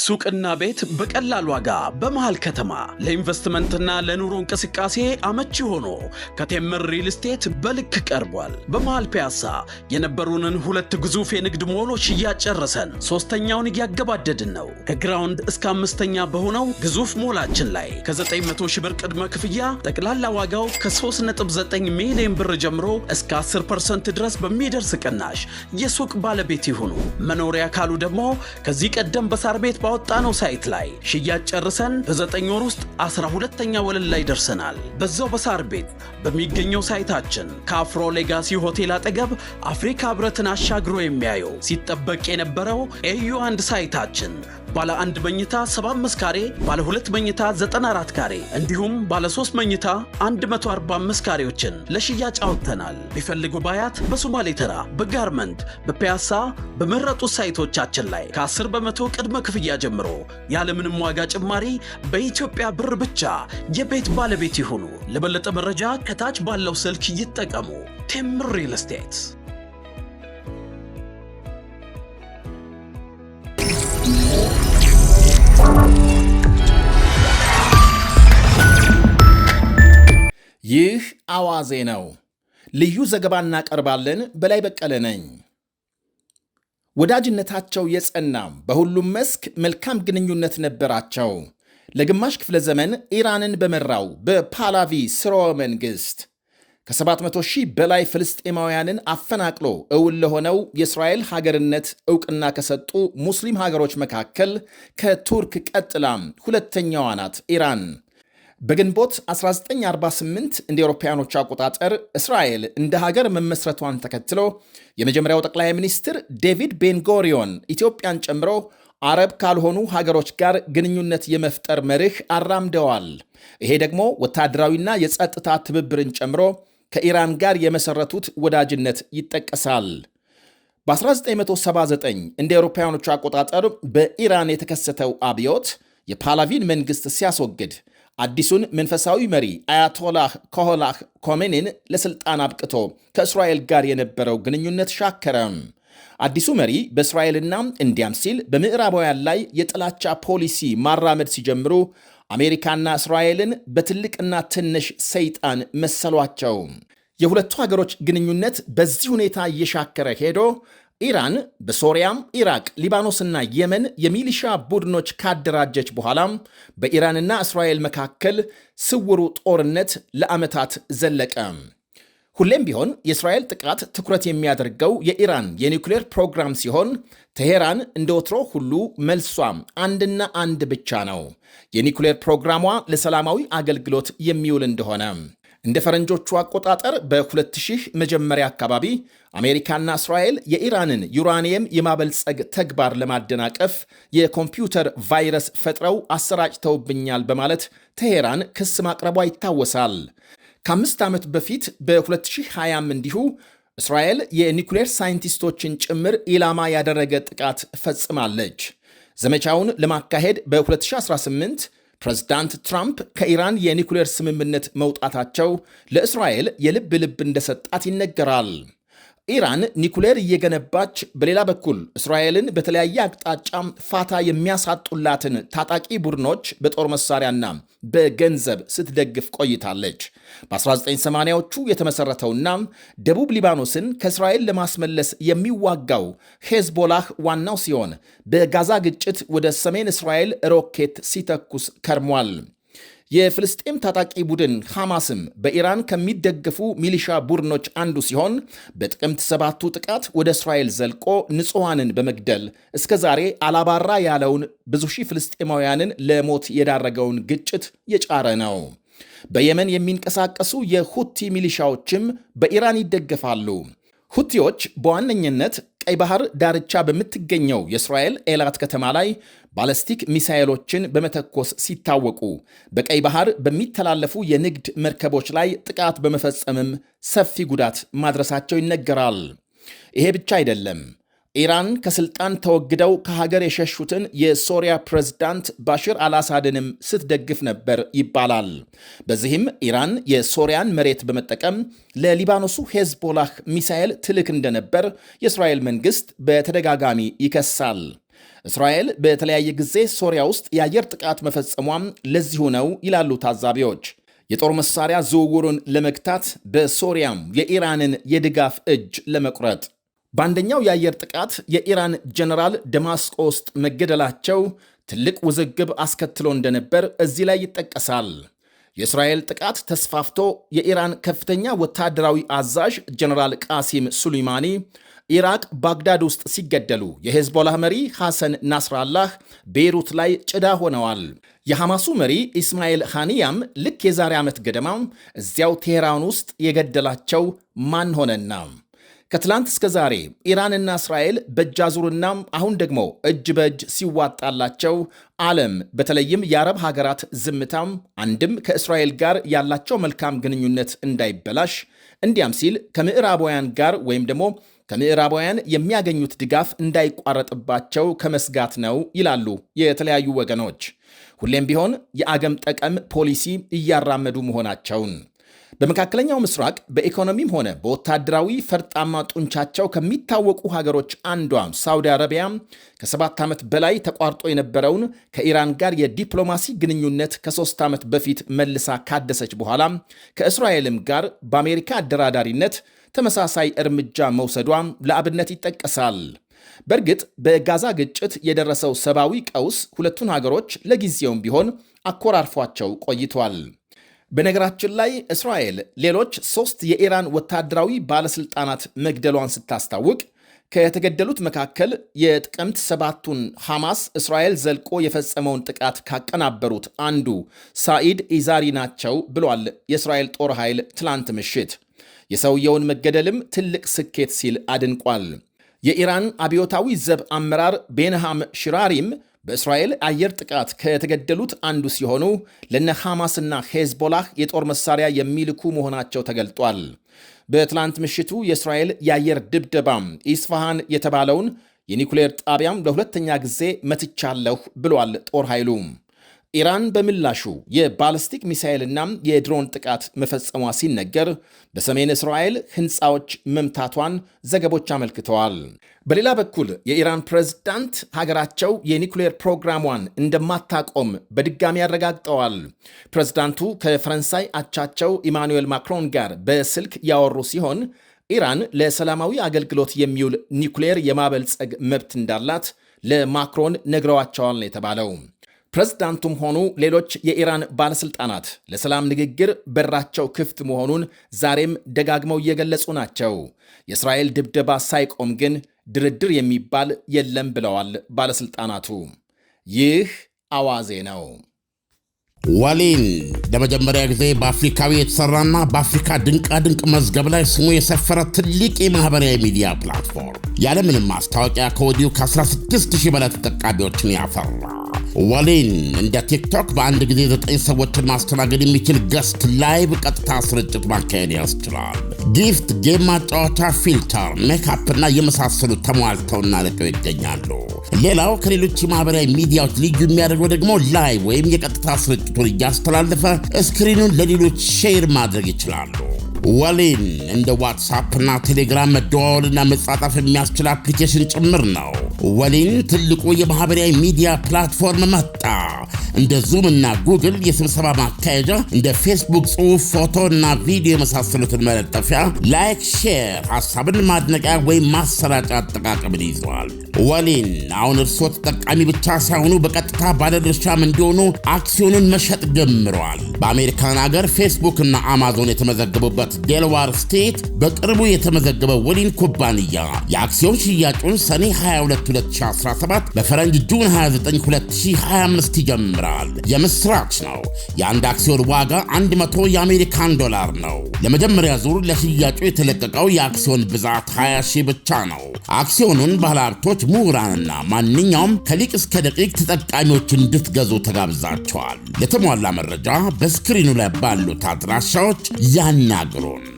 ሱቅና ቤት በቀላል ዋጋ በመሃል ከተማ ለኢንቨስትመንትና ለኑሮ እንቅስቃሴ አመቺ ሆኖ ከቴምር ሪል ስቴት በልክ ቀርቧል። በመሃል ፒያሳ የነበሩንን ሁለት ግዙፍ የንግድ ሞሎች እያጨረሰን ሶስተኛውን እያገባደድን ነው። ከግራውንድ እስከ አምስተኛ በሆነው ግዙፍ ሞላችን ላይ ከ900 ሺህ ብር ቅድመ ክፍያ ጠቅላላ ዋጋው ከ3.9 ሚሊዮን ብር ጀምሮ እስከ 10 ፐርሰንት ድረስ በሚደርስ ቅናሽ የሱቅ ባለቤት ይሁኑ። መኖሪያ ካሉ ደግሞ ከዚህ ቀደም በሳር ቤት ባወጣነው ሳይት ላይ ሽያጭ ጨርሰን በዘጠኝ ወር ውስጥ አስራ ሁለተኛ ወለል ላይ ደርሰናል። በዛው በሳር ቤት በሚገኘው ሳይታችን ከአፍሮ ሌጋሲ ሆቴል አጠገብ አፍሪካ ህብረትን አሻግሮ የሚያየው ሲጠበቅ የነበረው ኤዩ አንድ ሳይታችን ባለ አንድ መኝታ 75 ካሬ፣ ባለ ሁለት መኝታ 94 ካሬ እንዲሁም ባለ ሶስት መኝታ 145 ካሬዎችን ለሽያጭ አውጥተናል። ቢፈልጉ ባያት፣ በሶማሌ ተራ፣ በጋርመንት፣ በፒያሳ በመረጡ ሳይቶቻችን ላይ ከ10 በመቶ ቅድመ ክፍያ ጀምሮ ያለምንም ዋጋ ጭማሪ በኢትዮጵያ ብር ብቻ የቤት ባለቤት ይሁኑ። ለበለጠ መረጃ ከታች ባለው ስልክ ይጠቀሙ። ቴምር ሪል ስቴት ይህ አዋዜ ነው። ልዩ ዘገባ እናቀርባለን። በላይ በቀለ ነኝ። ወዳጅነታቸው የጸና በሁሉም መስክ መልካም ግንኙነት ነበራቸው። ለግማሽ ክፍለ ዘመን ኢራንን በመራው በፓላቪ ስርወ መንግሥት ከ700 ሺህ በላይ ፍልስጤማውያንን አፈናቅሎ እውን ለሆነው የእስራኤል ሀገርነት ዕውቅና ከሰጡ ሙስሊም ሀገሮች መካከል ከቱርክ ቀጥላም ሁለተኛዋ ናት ኢራን። በግንቦት 1948 እንደ አውሮፓውያኖች አቆጣጠር እስራኤል እንደ ሀገር መመስረቷን ተከትሎ የመጀመሪያው ጠቅላይ ሚኒስትር ዴቪድ ቤንጎሪዮን ኢትዮጵያን ጨምሮ አረብ ካልሆኑ ሀገሮች ጋር ግንኙነት የመፍጠር መርህ አራምደዋል። ይሄ ደግሞ ወታደራዊና የጸጥታ ትብብርን ጨምሮ ከኢራን ጋር የመሰረቱት ወዳጅነት ይጠቀሳል። በ1979 እንደ አውሮፓውያኖቹ አቆጣጠር በኢራን የተከሰተው አብዮት የፓላቪን መንግሥት ሲያስወግድ አዲሱን መንፈሳዊ መሪ አያቶላህ ኮሆላህ ኮሜኒን ለስልጣን አብቅቶ ከእስራኤል ጋር የነበረው ግንኙነት ሻከረ። አዲሱ መሪ በእስራኤልና እንዲያም ሲል በምዕራባውያን ላይ የጥላቻ ፖሊሲ ማራመድ ሲጀምሩ አሜሪካና እስራኤልን በትልቅና ትንሽ ሰይጣን መሰሏቸው። የሁለቱ ሀገሮች ግንኙነት በዚህ ሁኔታ እየሻከረ ሄዶ ኢራን በሶሪያም ኢራቅ፣ ሊባኖስና የመን የሚሊሻ ቡድኖች ካደራጀች በኋላም በኢራንና እስራኤል መካከል ስውሩ ጦርነት ለዓመታት ዘለቀ። ሁሌም ቢሆን የእስራኤል ጥቃት ትኩረት የሚያደርገው የኢራን የኒውክሌር ፕሮግራም ሲሆን ቴሄራን እንደ ወትሮ ሁሉ መልሷም አንድና አንድ ብቻ ነው፤ የኒውክሌር ፕሮግራሟ ለሰላማዊ አገልግሎት የሚውል እንደሆነ እንደ ፈረንጆቹ አቆጣጠር በ2000 መጀመሪያ አካባቢ አሜሪካና እስራኤል የኢራንን ዩራኒየም የማበልጸግ ተግባር ለማደናቀፍ የኮምፒውተር ቫይረስ ፈጥረው አሰራጭተውብኛል በማለት ቴሄራን ክስ ማቅረቧ ይታወሳል። ከአምስት ዓመት በፊት በ2020ም እንዲሁ እስራኤል የኒኩሌር ሳይንቲስቶችን ጭምር ኢላማ ያደረገ ጥቃት ፈጽማለች። ዘመቻውን ለማካሄድ በ2018 ፕሬዝዳንት ትራምፕ ከኢራን የኒኩሌር ስምምነት መውጣታቸው ለእስራኤል የልብ ልብ እንደሰጣት ይነገራል። ኢራን ኒኩሌር እየገነባች በሌላ በኩል እስራኤልን በተለያየ አቅጣጫ ፋታ የሚያሳጡላትን ታጣቂ ቡድኖች በጦር መሳሪያና በገንዘብ ስትደግፍ ቆይታለች። በ1980ዎቹ የተመሠረተውና ደቡብ ሊባኖስን ከእስራኤል ለማስመለስ የሚዋጋው ሄዝቦላህ ዋናው ሲሆን በጋዛ ግጭት ወደ ሰሜን እስራኤል ሮኬት ሲተኩስ ከርሟል። የፍልስጤም ታጣቂ ቡድን ሐማስም በኢራን ከሚደገፉ ሚሊሻ ቡድኖች አንዱ ሲሆን በጥቅምት ሰባቱ ጥቃት ወደ እስራኤል ዘልቆ ንጹሐንን በመግደል እስከ ዛሬ አላባራ ያለውን ብዙ ሺህ ፍልስጤማውያንን ለሞት የዳረገውን ግጭት የጫረ ነው። በየመን የሚንቀሳቀሱ የሁቲ ሚሊሻዎችም በኢራን ይደገፋሉ። ሁቲዎች በዋነኝነት ቀይ ባህር ዳርቻ በምትገኘው የእስራኤል ኤላት ከተማ ላይ ባለስቲክ ሚሳኤሎችን በመተኮስ ሲታወቁ በቀይ ባህር በሚተላለፉ የንግድ መርከቦች ላይ ጥቃት በመፈጸምም ሰፊ ጉዳት ማድረሳቸው ይነገራል። ይሄ ብቻ አይደለም። ኢራን ከስልጣን ተወግደው ከሀገር የሸሹትን የሶሪያ ፕሬዝዳንት ባሽር አልአሳድንም ስትደግፍ ነበር ይባላል። በዚህም ኢራን የሶሪያን መሬት በመጠቀም ለሊባኖሱ ሄዝቦላህ ሚሳኤል ትልክ እንደነበር የእስራኤል መንግስት በተደጋጋሚ ይከሳል። እስራኤል በተለያየ ጊዜ ሶሪያ ውስጥ የአየር ጥቃት መፈጸሟም ለዚሁ ነው ይላሉ ታዛቢዎች። የጦር መሳሪያ ዝውውሩን ለመግታት በሶሪያም የኢራንን የድጋፍ እጅ ለመቁረጥ በአንደኛው የአየር ጥቃት የኢራን ጀነራል ደማስቆ ውስጥ መገደላቸው ትልቅ ውዝግብ አስከትሎ እንደነበር እዚህ ላይ ይጠቀሳል። የእስራኤል ጥቃት ተስፋፍቶ የኢራን ከፍተኛ ወታደራዊ አዛዥ ጀነራል ቃሲም ሱሌይማኒ ኢራቅ ባግዳድ ውስጥ ሲገደሉ የሄዝቦላህ መሪ ሐሰን ናስራላህ ቤይሩት ላይ ጭዳ ሆነዋል። የሐማሱ መሪ ኢስማኤል ሃኒያም ልክ የዛሬ ዓመት ገደማ እዚያው ቴሄራን ውስጥ የገደላቸው ማን ሆነና ከትላንት እስከ ዛሬ ኢራንና እስራኤል በእጅ አዙርና አሁን ደግሞ እጅ በእጅ ሲዋጣላቸው ዓለም በተለይም የአረብ ሀገራት ዝምታም አንድም ከእስራኤል ጋር ያላቸው መልካም ግንኙነት እንዳይበላሽ እንዲያም ሲል ከምዕራባውያን ጋር ወይም ደግሞ ከምዕራባውያን የሚያገኙት ድጋፍ እንዳይቋረጥባቸው ከመስጋት ነው ይላሉ የተለያዩ ወገኖች። ሁሌም ቢሆን የአገም ጠቀም ፖሊሲ እያራመዱ መሆናቸውን በመካከለኛው ምስራቅ በኢኮኖሚም ሆነ በወታደራዊ ፈርጣማ ጡንቻቸው ከሚታወቁ ሀገሮች አንዷ ሳውዲ አረቢያ ከሰባት ዓመት በላይ ተቋርጦ የነበረውን ከኢራን ጋር የዲፕሎማሲ ግንኙነት ከሶስት ዓመት በፊት መልሳ ካደሰች በኋላ ከእስራኤልም ጋር በአሜሪካ አደራዳሪነት ተመሳሳይ እርምጃ መውሰዷ ለአብነት ይጠቀሳል። በእርግጥ በጋዛ ግጭት የደረሰው ሰብአዊ ቀውስ ሁለቱን ሀገሮች ለጊዜውም ቢሆን አኮራርፏቸው ቆይቷል። በነገራችን ላይ እስራኤል ሌሎች ሶስት የኢራን ወታደራዊ ባለስልጣናት መግደሏን ስታስታውቅ ከተገደሉት መካከል የጥቅምት ሰባቱን ሐማስ እስራኤል ዘልቆ የፈጸመውን ጥቃት ካቀናበሩት አንዱ ሳኢድ ኢዛሪ ናቸው ብሏል የእስራኤል ጦር ኃይል ትላንት ምሽት። የሰውየውን መገደልም ትልቅ ስኬት ሲል አድንቋል። የኢራን አብዮታዊ ዘብ አመራር ቤንሃም ሽራሪም በእስራኤል አየር ጥቃት ከተገደሉት አንዱ ሲሆኑ ለነ ሐማስና ሄዝቦላህ የጦር መሳሪያ የሚልኩ መሆናቸው ተገልጧል። በትላንት ምሽቱ የእስራኤል የአየር ድብደባም ኢስፋሃን የተባለውን የኒኩሌር ጣቢያም ለሁለተኛ ጊዜ መትቻለሁ ብሏል ጦር ኃይሉ። ኢራን በምላሹ የባለስቲክ ሚሳኤልና የድሮን ጥቃት መፈጸሟ ሲነገር በሰሜን እስራኤል ሕንፃዎች መምታቷን ዘገቦች አመልክተዋል። በሌላ በኩል የኢራን ፕሬዝዳንት ሀገራቸው የኒኩሌር ፕሮግራሟን እንደማታቆም በድጋሚ አረጋግጠዋል። ፕሬዝዳንቱ ከፈረንሳይ አቻቸው ኢማኑኤል ማክሮን ጋር በስልክ ያወሩ ሲሆን ኢራን ለሰላማዊ አገልግሎት የሚውል ኒኩሌር የማበልጸግ መብት እንዳላት ለማክሮን ነግረዋቸዋል ነው የተባለው። ፕሬዝዳንቱም ሆኑ ሌሎች የኢራን ባለሥልጣናት ለሰላም ንግግር በራቸው ክፍት መሆኑን ዛሬም ደጋግመው እየገለጹ ናቸው። የእስራኤል ድብደባ ሳይቆም ግን ድርድር የሚባል የለም ብለዋል ባለሥልጣናቱ። ይህ አዋዜ ነው። ዋሊን ለመጀመሪያ ጊዜ በአፍሪካዊ የተሰራና በአፍሪካ ድንቃድንቅ መዝገብ ላይ ስሙ የሰፈረ ትልቅ የማህበራዊ ሚዲያ ፕላትፎርም ያለምንም ማስታወቂያ ከወዲሁ ከ16 ሺህ በላይ ተጠቃሚዎችን ያፈራ ወሊን እንደ ቲክቶክ በአንድ ጊዜ ዘጠኝ ሰዎችን ማስተናገድ የሚችል ገስት ላይቭ ቀጥታ ስርጭት ማካሄድ ያስችላል። ጊፍት፣ ጌም ማጫወቻ፣ ፊልተር፣ ሜካፕ እና የመሳሰሉ ተሟልተውና ለቀው ይገኛሉ። ሌላው ከሌሎች የማህበራዊ ሚዲያዎች ልዩ የሚያደርገው ደግሞ ላይቭ ወይም የቀጥታ ስርጭቱን እያስተላለፈ ስክሪኑን ለሌሎች ሼር ማድረግ ይችላሉ። ወሊን እንደ ዋትሳፕና ቴሌግራም መደዋወልና መጻጣፍ የሚያስችል አፕሊኬሽን ጭምር ነው። ወሊን ትልቁ የማህበራዊ ሚዲያ ፕላትፎርም መጣ። እንደ ዙም እና ጉግል የስብሰባ ማካሄጃ፣ እንደ ፌስቡክ ጽሑፍ፣ ፎቶ እና ቪዲዮ የመሳሰሉትን መለጠፊያ፣ ላይክ፣ ሼር፣ ሀሳብን ማድነቂያ ወይም ማሰራጫ አጠቃቀምን ይዘዋል። ወሊን አሁን እርስዎ ተጠቃሚ ብቻ ሳይሆኑ በቀጥታ ባለድርሻም እንዲሆኑ አክሲዮንን መሸጥ ጀምረዋል። በአሜሪካን አገር ፌስቡክ እና አማዞን የተመዘገቡበት ዴልዋር ስቴት በቅርቡ የተመዘገበ ወሊን ኩባንያ የአክሲዮን ሽያጩን ሰኔ 22 2017 በፈረንጅ ጁን 29 2025 ይጀምራል። ይጀምራል። የምስራች ነው። የአንድ አክሲዮን ዋጋ 100 የአሜሪካን ዶላር ነው። ለመጀመሪያ ዙር ለሽያጩ የተለቀቀው የአክሲዮን ብዛት 20 ሺህ ብቻ ነው። አክሲዮኑን ባለሀብቶች፣ ምሁራንና ማንኛውም ከሊቅ እስከ ደቂቅ ተጠቃሚዎች እንድትገዙ ተጋብዛቸዋል። ለተሟላ መረጃ በስክሪኑ ላይ ባሉት አድራሻዎች ያናግሩን።